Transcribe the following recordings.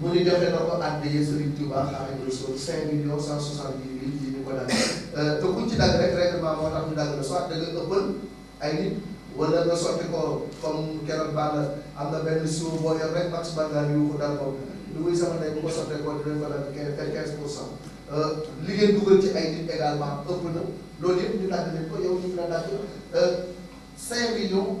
mu ni joxe na ko àddee Serigne Touba Xaadimu Rasuul cinq millions cent soixante-dix mille yi ñu ko dagg euh, te kuñ ci dagg rek règlement moo tax ñu dagg la soit da nga ëppal ay nit wala nga sotti ko comme keroog baax na am na benn suuf boo yor rek max bangaar yu ko dal ko lu muy sama tey bu ko sottee ko dinañ ko dagg quinze pour cent euh, li ngeen dugal ci ay nit également ëpp na loolu yëpp ñu dagg leen ko yow ñu ngi la dagg euh, cinq millions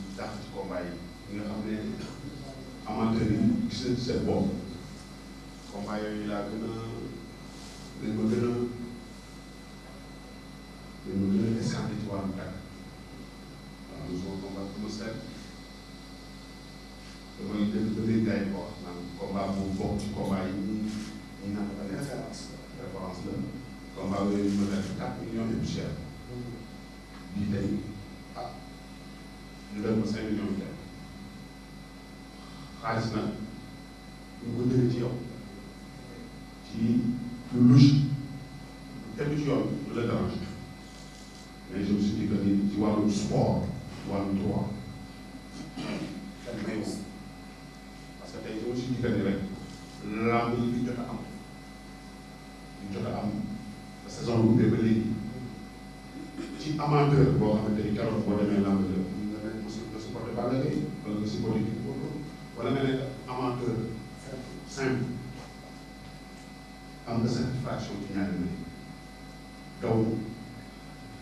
seen bopp combat yooyu laa gën a dañ ma gën a dañ ma gën a descendre ci wàllu tàkk waaw nous avons combat bu ma seet damay def ba léegi gars yi ko wax naan combat bu bokk ci combat yi ñuy ñuy naan ba référence référence la combat yooyu ma def quatre millions et plus cher bii tey ah ñu def ma cinq millions de xaalis nag Vous pouvez dire ci louche mais je me suis dit que tu vois le sport le droit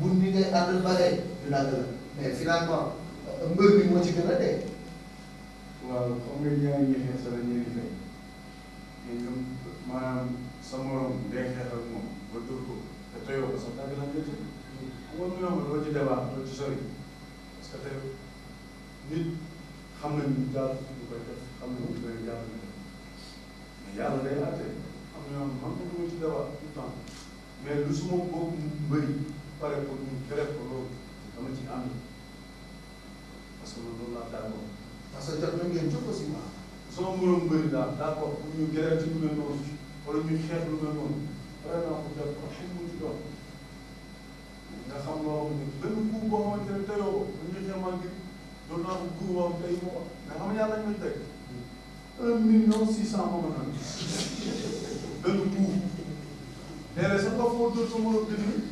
bun bi ngay àndal baree du la gën mais finalement mbër bi moo ci gën a dee. waaw xam nga ñaari ñi xeex la ñuy fay mais sa morom day xeex ak moom ba dur ko te tooyoo ko sax dàgg la nga jël. xam nga ñoom doo ci débat doo ci sori parce que tey nit xam nañ ñu daal du koy def xam nañ ñu koy jàpp mais yàlla day laajte am na ñoo xam ne man du ma ci débat tout le temps mais lu suma boobu pare ko ñun def ko loolu dama ci am parce que loolu laa d'accord parce que jot na ngeen jóg aussi ma soo mënoon bëri daal d'accord pour ñu gërëm ci lu mel noonu wala ñu xeex lu mel noonu vraiment pour def ko xëy mu ci doon nga xam loo xam ne benn guub boo xamante ne teyoo ko dañu xeemaa ngir doon naa ko guub boo xam tey moo nga xam yàlla ñu teg un million six cent moom naan benn guub léeg-léeg sax nga foo dóor sa mën a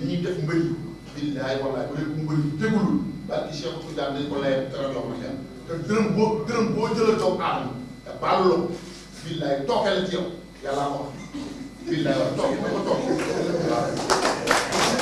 li ñuy def mbëri billaay wallaay bu dee ko mbëri tegulul barki Cheikh Tidiane dañ ko layee dara loxo la te dërëm boo dërëm boo jëlee doomu aadama te baalu la billaay tooke la ci yow yàllaa ko billaay wax tooke na ko tooke waaw